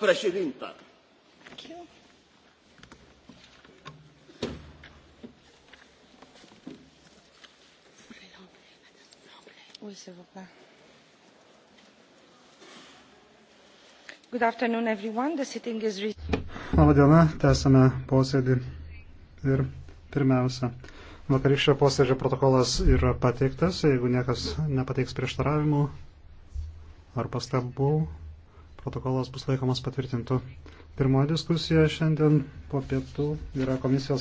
președintă. Oui, s'il vous plaît. Good afternoon, everyone. The sitting is Labą dieną, tęsame posėdį. Ir pirmiausia, vakarykščio posėdžio protokolas yra pateiktas, jeigu niekas nepateiks prieštaravimų ar pastabų, protokolas bus laikomas patvirtintų. Pirmoji diskusija šiandien po pietų yra komisijos